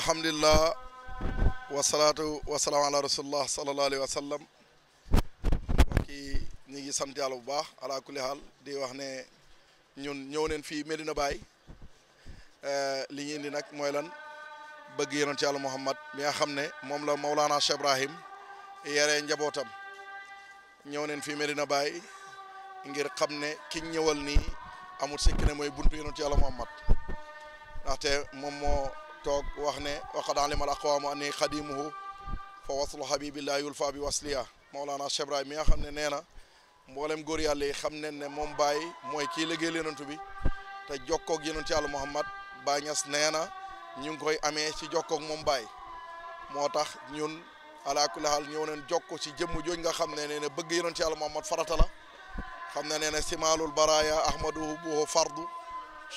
alhamdulilah wasalaatu wasalaam ala rasulillah salallahu alayhi wa sallam mbokk yi ñu ngi bu baax ala haal di wax ne ñun ñëw neen fii Medina Baye eh, li ñu nag mooy lan bëgg yonent yàlla Muhammad mi nga xam ne moom la Mawlana Cheikh Ibrahim yaree njabootam ñëw neen fii Medina baay ngir xam ne ki ñëwal ni amul sikki ne mooy buntu yonent Muhammad ndaxte moom moo. toog wax ne waqad alima al aqwaamu anni xadimuhu fa waslu habibillah yulfa bi wasliya maolana Cheikh Ibrahim mi nga xam ne nee mboolem góor yàlla xam ne ne moom Baye mooy kii liggéey yonent bi te jokkoog yonent yàlla Muhammad Baye Niass nee na ñu ngi koy amee ci jokkook moom Baye moo tax ñun ala kulli haal ñëw nañ jokko ci jëmm jooj nga xam ne nee na bëgg yonent yàlla Muhammad farata la xam ne nee na simaalul baraya ahmaduhu buhu fardu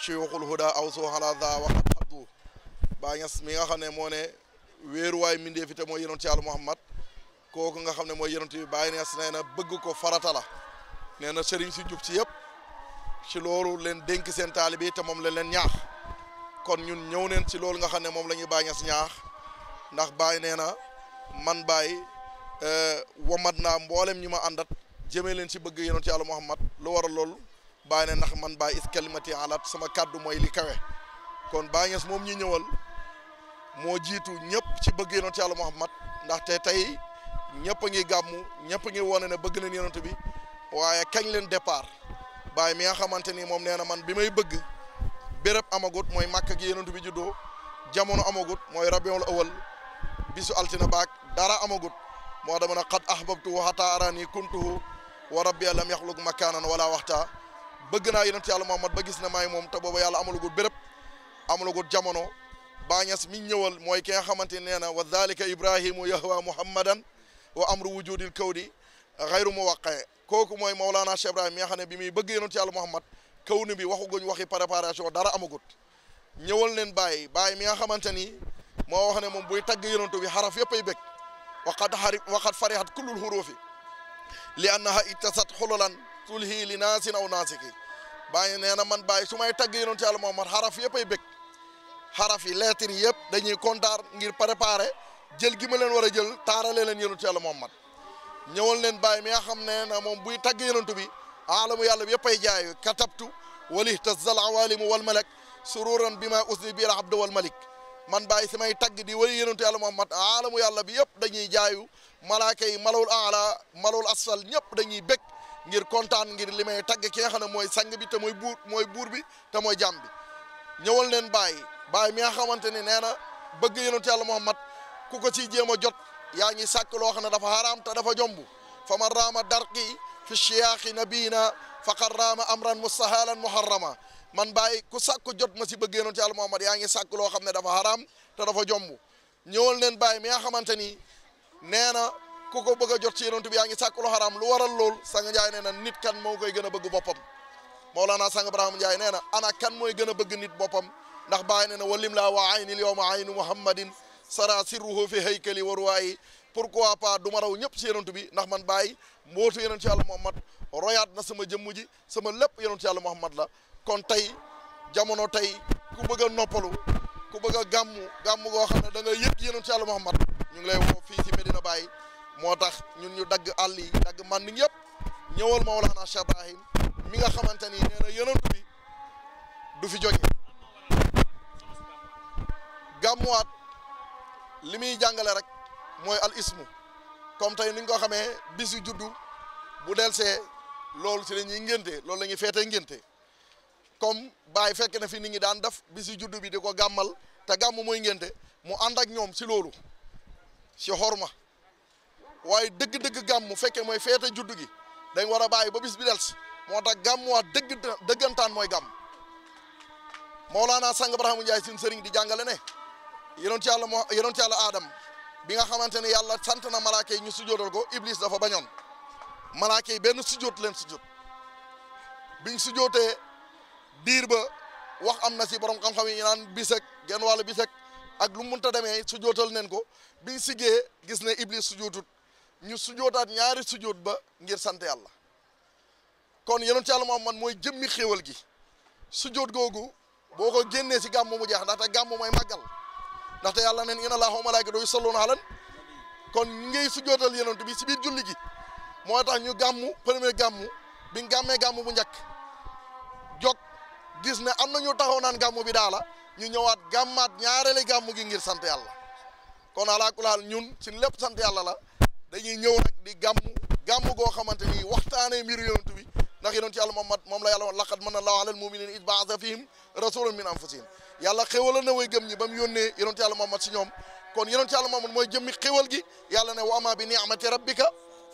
shuyuxul huda aw suhala Baay Ñas mi nga xam ne moo ne wéeruwaay mindee fi te mooy yonent Yàlla Muhammad kooku nga xam ne mooy yonent bi Baay Ñas nee na bëgg ko farata la nee na sëriñ si jub si yëpp ci loolu leen dénk seen taalibe te moom leen leen ñaax kon ñun ñëw neen ci loolu nga xam ne moom la ñuy Baay Ñas ñaax ndax Baay nee na man Baay eh, wamat naa mboolem ñi ma àndat jëmee leen ci bëgg yonent Yàlla Muhammad lu waral loolu baa ne na man Baay is kalimati alat sama kàddu mooy li kawe kon baa Ñas moom ñi ñëwal moo jiitu ñëpp ci bëgg yonent yàlla Muhammad ndaxte tey ñëpp a ngi gàmmu ñëpp a ngi wone bëgg na yonent bi waaye kañ leen départ Baay mi nga xamante ni moom nee na man bi may bëgg béréb amagut mooy Màkka gi bi juddoo jamono amagut mooy rabiul awal bi bisu altina baak dara amagut moo dama ne xat ahbabtuhu hatta arani kuntuhu wa rabbi lam yaxluq makaanan wala waxta bëgg naa yonent yàlla Muhammad ba gis na maay moom te booba yàlla amalagut béréb amalagut jamono baañas mi ñëwal mooy ki nga xamante nee na wa dalika ibrahimu yahwa muhammadan wa amru wujudil kawdi xayru muwaqe kooku mooy Mawlana Cheikh Ibrahim mi nga xam ne bi muy bëgg yonent yàlla Muhammad kaw ni bi waxuguñ waxi préparation dara amagut ñëwal leen bàyyi baay mi nga xamante ni moo wax ne moom buy tagg yonent bi xaraf yëpp ay bëgg waqad xari waqad farihat kullul xurufi li annaha ittasat xololan tulhi li naasin aw naasiki bàyyi nee na man bàyyi su may tagg yonent yàlla Muhammad xaraf yëpp ay bëgg xaraf yi lettre yi yëpp dañuy kontaar ngir préparer jël gi ma leen war a jël taaralee leen yonentu yàlla Muhammad ñëwal leen bàyyi mi nga xam ne na moom buy tagg yonentu bi aalamu yàlla bi yëpp ay jaay katabtu walihtazal awalimu wal malak sururan bi ma usni biir abdu wal malik man bàyyi si may tagg di wali yonentu yàlla Muhammad alamu yàlla bi yëpp dañuy jaayu malaaka yi malawul aala malawul asfal ñëpp dañuy bég ngir kontaan ngir li may tagg ki nga xam ne mooy sang bi te mooy mooy buur bi te mooy ñëwal leen bàyyi baay mi nga xamante ni nee na bëgg yonent yàlla Muhammad ku ko ciy jéem a jot yaa ngi sàkk loo xam ne dafa haram te dafa jomb fa man raama darqi fi siyaaxi nabiina faqad raama amran mustahalan muharrama man bàyyi ku sak jot ma si bëgg yonent yàlla Muhammad yaa ngi sàkk loo xam ne dafa haram te dafa jomb ñëwal leen baay mi nga xamante ni nee na ku ko bëgg a jot ci yonent bi yaa ngi sàkk lu haram lu waral lool sang Njaay nee na nit kan moo koy gën bëgg boppam Mawlana sang Ibrahima Njaay nee na ana kan mooy gën a bëgg nit boppam ndax bàyyi ne na walim laa wa aynil yowma aynu muhammadin sara sirruhu fi haykali waruwaayi pourquoi pas du ma raw ñëpp si yonent bi ndax man bàyyi mbootu yonent yàlla muhammad royaat na sama jëmm ji sama lépp yonent yàlla muhammad la kon tey jamono tey ku bëgg a noppalu ku bëgg a gàmmu gàmm goo xam ne da nga yëg yonent yàlla muhammad ñu ngi lay woo fii ci Medina Baye moo tax ñun ñu dagg àll yi dagg man niñ yëpp ñëwal ma Cheikh mi nga xamante ni nee na yonent bi du fi jóge gàmmuwaat muy jàngale rek mooy al ismu comme tey ni nga ko xamee bisu juddu bu delsee loolu si la ñuy ngénte loolu la ñuy feetee ngénte comme Baye fekk na fi nit ñi daan def bisu juddu bi di ko gàmmal te gàmm mooy ngénte mu ànd ak ñoom si loolu si xorma waaye dëgg-dëgg gàmm mu fekkee mooy feete juddu gi dañ war a bàyyi ba bis bi dels moo tax gàmmuwaat dëgg dëggantaan mooy gàmm Mawlaana Sang Ibrahima Ndiaye suñu sëriñ di jàngale ne. yonent yàlla moo yonent yàlla aadam bi nga xamante ne yàlla sant na malaaka yi ñu sujjoodal ko iblis dafa bañoon malaaka yi benn sujjoot leen sujjoot biñ sujjootee diir ba wax am na si borom xam-xam yi ñu naan bisek genn wàllu bisek ak lu munta demee sujjootal neen ko biñ siggee gis ne iblis sujjootut ñu sujjootaat ñaari sujjoot ba ngir sant yàlla kon yonent yàlla moom man mooy jëmmi xéewal gi sujjoot googu boo ko génnee si gàmmu mu jeex ndaxte gàmmu mooy màggal ndaxte yàlla neen inna allaha wa malaa'ikatahu yusalluuna alan kon ñu ngay sujjootal yonent bi si biir julli ji moo tax ñu gàmmu premier gàmmu bi gàmmee gàmmu bu njëkk jog gis ne am na ñu taxaw naan gàmmu bi daala ñu ñëwaat gàmmaat ñaareeli gàmmu gi ngir sant yàlla kon alaakulaal ñun ci lépp sant yàlla la dañuy ñëw nag di gàmmu gàmm goo xamante ni waxtaanee mbir yonent bi ndax yonent yàlla moom moom la yàlla woon laqad manna allahu alal muminina yàlla xéwal na way gëm ñi ba mu yónnee yonent yàlla Muhammad si ñoom kon yonent yàlla Muhammad mooy jëmmi xéwal gi yàlla ne wa amaa bi ni'mati rabbika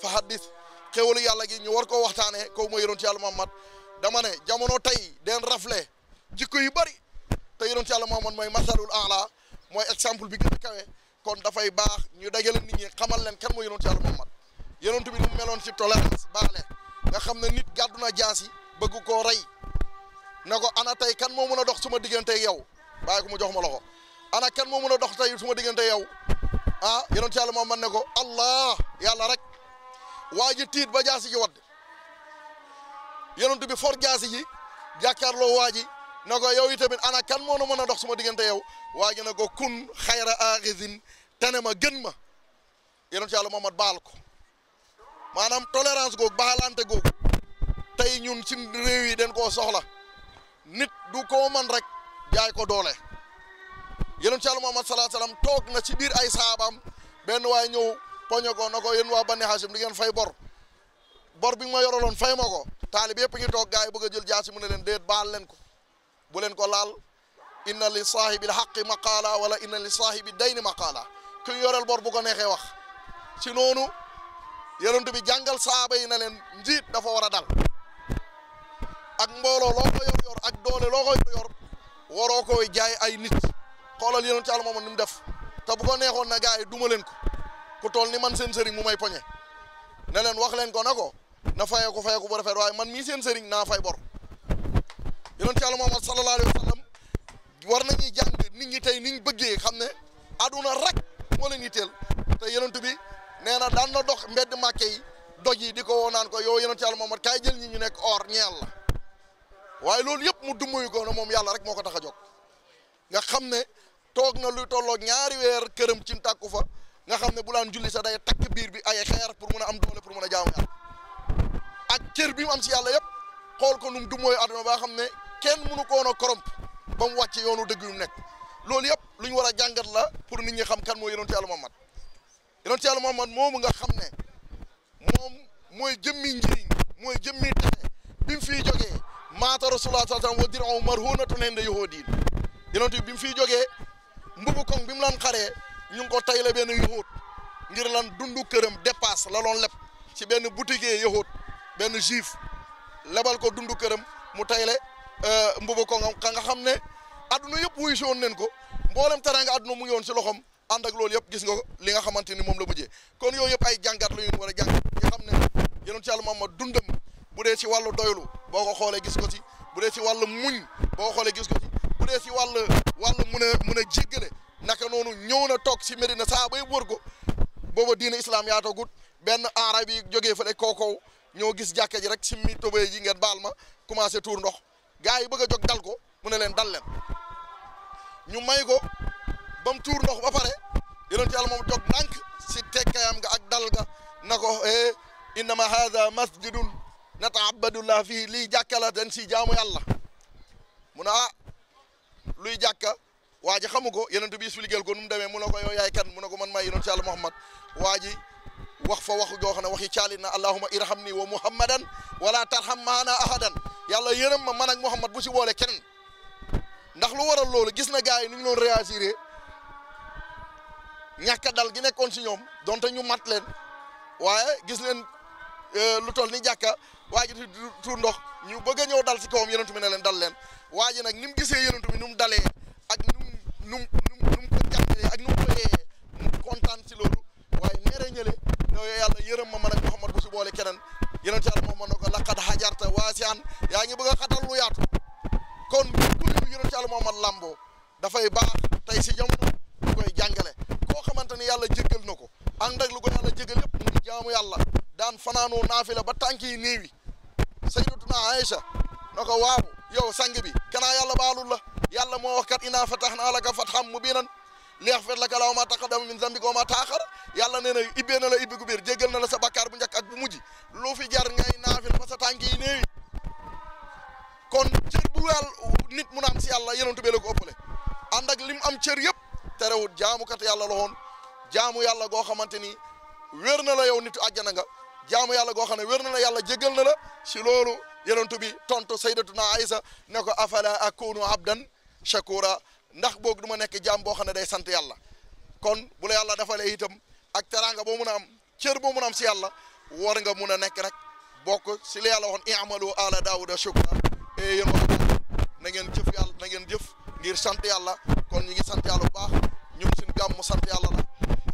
fa haddis xéwalu yàlla gi ñu war koo waxtaane kaw mooy yonent yàlla Muhammad dama ne jamono tey den rafle jikko yu bari te yonent yàlla Muhammad mooy masalul ala mooy exemple bi gën a kawe kon dafay baax ñu dajale nit ñi xamal leen kan mooy yonent yàlla Muhammad yonent bi ni mu meloon ci tolérance baale nga xam ne nit ma na jaasi bëgg koo rey na ko ana tey kan moo mën a dox suma diggante yow bàyyi ko mu jox ma loxo ana kan moo mën a dox tey su ma diggante a ah yonent yàlla moom man ne ko allah yàlla rek waa ji tiit ba jaasi ji wadd yonent bi for jaasi ji jàkkaarloo waa ji ne ko yow itamit ana kan moo mën a dox su ma diggante yow waa ji ne ko kun xayra axizin tane ma gën ma yonent yàlla moom baal ko maanaam tolérance googu baalante googu tey ñun ci réew yi dañ soxla nit du ko man rek. jaay ko doole yonent Yàlla Muhammad sallallahu alayhi wasallam toog na ci biir ay saabaam benn waay ñëw poñe ko na ko yéen waa Bani Hashim di ngeen fay bor bor bi ma yoroloon fay ma ko taalib yëpp ngi toog gars yi bëgg a jël jaasi mu ne leen déet baal leen ko bu leen ko laal inna li saahibil haqqi maqaala wala inna li saahibi dayni maqaala ku yoreel bor bu ko neexee wax ci noonu yonent bi jàngal saaba yi na leen njiit dafa war a dal ak mbooloo loo yor yor ak doole loo yor yor waroo koy jaay ay nit xoolal yéen ci àll moomoon ni mu def te bu ko neexoon na gars yi duma leen ku toll ni man seen sëriñ mu may poñe ne leen wax leen ko na ko na fayee ko fayee ko bu waaye man mii seen sëriñ naa fay bor yéen ci àll moomoon sallallahu alayhi wa sallam war nañuy jàng nit ñi tey niñ bëggee xam ne aduna rek moo leen yitteel te yonent bi nee na daan na dox mbedd màkke yi doj di ko woo naan ko yow yonent Yàlla Muhammad kaay jël ñi ñu nekk or ñeel la waaye loolu yëpp mu dummuyu ko na moom yàlla rek moo ko tax a jóg nga xam ne toog na luy tolloo ñaari weer këram ci tàkku fa nga xam ne bu daan julli sax day takk biir bi ay xeer pour mun a am doole pour mun a jaamu yàlla ak cër bi mu am si yàlla yëpp xool ko nu mu dummooyu àdduna ba xam ne kenn mënu ko woon a koromp ba mu wàcce yoonu dëgg yu mu nekk loolu yëpp lu war a jàngat la pour ni ñi xam kan mooy yonent yàlla Muhammad yonent yàlla Muhammad moomu nga xam ne moom mooy jëmmi mooy jëmmi texe bi maata rasulullah sallallahu alayhi wa sallam wa dir'u marhunatun inda yahudiin yonent bi mu fiy jógee mbubu koŋ bi mu lan xaree ñu ko tay la benn yahud ngir lan dundu këram dépasse la loon leb ci benn boutique yahud benn juif lebal ko dundu këram mu tayle euh, mbubu koŋam ka nga xam ne adduna yëpp wuyu si woon nañ ko mboolem teraanga adduna mu yoon woon si loxom ànd ak loolu yëpp gis nga li nga xamante ni moom la mujjee kon yooyu yëpp ay jàngat la ñu wala a nga xam ne yonent Yàlla Muhammad dundam bu dee ci wàllu doylu boo ko xoolee gis ko ci bu dee ci wàll muñ boo ko xoolee gis ko ci bu dee ci wàll wàll mun a a jéggale naka noonu ñëw na toog ci Medina saa bay wër ko booba diina islam yaatagut benn arab yi jógee fa de kookow ñëw gis jàkka ji rek ci mi tobay ji ngeen baal ma commencé tuur ndox gars yi bëgg a jóg dal ko mu ne leen dal leen ñu may ko ba mu tuur ndox ba pare yonent yàlla moom jóg ndànk ci tekkayam nga ak dal nga na ko eh innama hada masjidun nataabadullah fii lii jàkka la dañ si jaamu yàlla mu luy jàkka waa ji xamu ko yonent bi ko nu mu demee mu ne ko yow kan mu ne ko man maay yonent yàlla Muhammad waa ji wax fa wax goo xam waxi caalin na irhamni wa muhammadan wala tarham maana ahadan yàlla yërëm ma man Muhammad bu si boole keneen ndax lu waral loolu gis na gars yi nu ñu doon réagir ñàkk dal gi nekkoon si ñoom donte ñu mat leen waaye gis euh, lu tol ni jàkka waa ji di ndox ñu bëgg a ñëw dal si kawam yonent bi ne leen dal leen waa nag ni mu gisee yonent bi nu dalee ak nu mu nu mu ko jàppalee ak nu kontaan si loolu waaye neeree ñële ne yàlla yërëm ma man ak Muhammad bu si boole keneen yonent yàlla Muhammad ne ko laqad hajarta waasian yaa ngi bëgg a xatal lu yaatu kon bu ñu yonent yàlla Muhammad làmboo dafay baax. liyaghfir laka lahu ma taqaddama min ma ta'akhkhar yàlla nee na ibbee na la ibbi gu biir jéggal na sa bakkaar bu njëkk ak bu mujj lu fi jar ngay naafil ba sa tànk yi kon cër bu nit mu naan si yàlla yonent bi la ko ëppale ànd ak lim am cër yëpp terewut jaamukat yàlla la woon jaamu yàlla goo xamante ni wér na la yow nit àjjana nga jaamu yàlla goo xam ne wér na la yàlla jéggal na la si loolu yonent bi tontu sayyidatuna Aysa ne ko afala akunu abdan shakura ndax boog du ma nekk jaam boo xam ne day sant yàlla kon bu la yàlla defalee itam ak teraanga boo mun a am cër boo mun a am si yàlla war nga mun a nekk rek bokk si li yàlla waxoon i'malu ala daawuda shukra et eh, yéen wax na ngeen jëf yàlla na ngeen jëf ngir sant yàlla kon ñu ngi sant yàlla bu baax ñun suñ gàmm sant yàlla la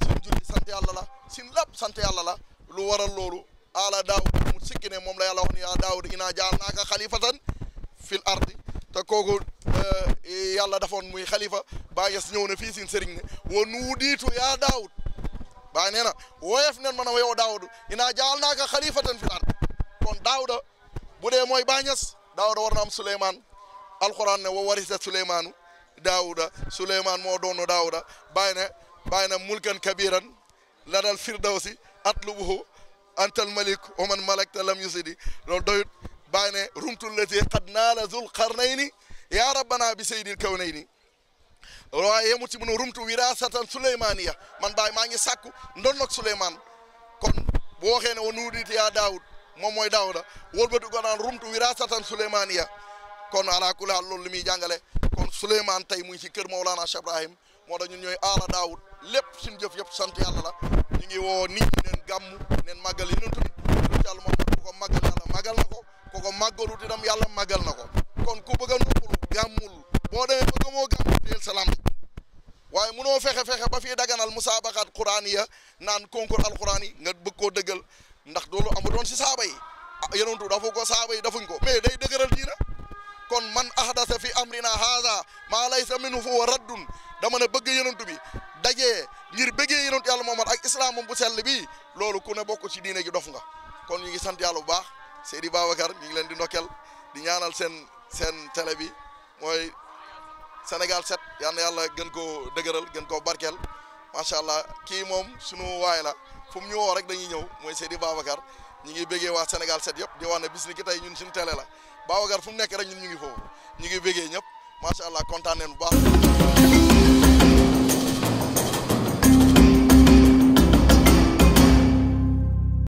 suñ julli sant yàlla la suñ lépp sant yàlla la lu waral loolu ala daawuda mu sikki moom la yàlla wax ni ya daawuda inaa jaal naaka xalifatan fil ardi te kooku eh, eh, yàlla dafoon muy xalifa Baay Ñas ñëw na fii sin sëriñ ne wa nuu yaa daawud baa nee na woyof nen man a yow daawud inaa jaal naa ka xalifatan fil ard kon daawuda bu mooy Baay Ñas daawuda war na am Suleymaan alquran ne wa warisa Suleymaanu daawuda Suleymaan moo doon daawuda bàyyi ne bàyyi na mulkan kabiran lanal firdawsi atlubuhu malik wa man malakta lam yusidi loolu doyut bàyyi ne rumtu lati qad naala zul qarnayni yaa rabbana bi saydil kawnayni waaye yemu ci mun rumtu wirasatan suleymaniya man baay maa ngi sàkku ndonnok suleyman kon boo waxee ne wa nuudit yaa daawud moom mooy daawuda wëlbatu ko naan rumtu wirasatan suleymaniya kon ala kulli haal loolu li muy jàngale kon suleyman tey mu ngi ci kër Mawlana Cheikh Ibrahim moo tax ñun ñooy aala daawud lépp suñu jëf yëpp sant yàlla la ñu ngi woo nit ñi neen gàmm neen màggal yenentu bi yàlla ku ko màggalut itam yàlla màggal na ko kon ku bëgg a noppalu gàmmul boo demee bëgg moo gàmmul deel salaam waaye munoo fexe fexe ba fii daganal musaabaqaat quraan ya naan concours alquran yi nga bëgg koo dëggal ndax doolu amu doon si saaba yi ah, yonentu dafa ko saaba yi dafuñ ko mais day dëgëral diina kon man ahdasa fi amrina haada maa laysa minhu huwa raddun dama ne bëgg yonentu bi dajee ngir bëggee yonentu yàlla Muhammad ak islaam bu sell bi loolu ku ne bokk ci diine gi Seydi Babacar ñu ngi leen di ndokkeel di ñaanal seen seen télé bi mooy Sénégal set yal na yàlla gën koo dëgëral gën koo barkeel macha allah kii moom sunu waay la fu ñu woo rek dañuy ñëw mooy Seydi Babacar ñu ngi bëggee waa Sénégal set yëpp di wax ne bis ni ki tey ñun suñu télé la Babacar fu mu nekk rek ñun ñu ngi foofu ñu ngi bëggee ñëpp macha allah kontaanee nu bu baax.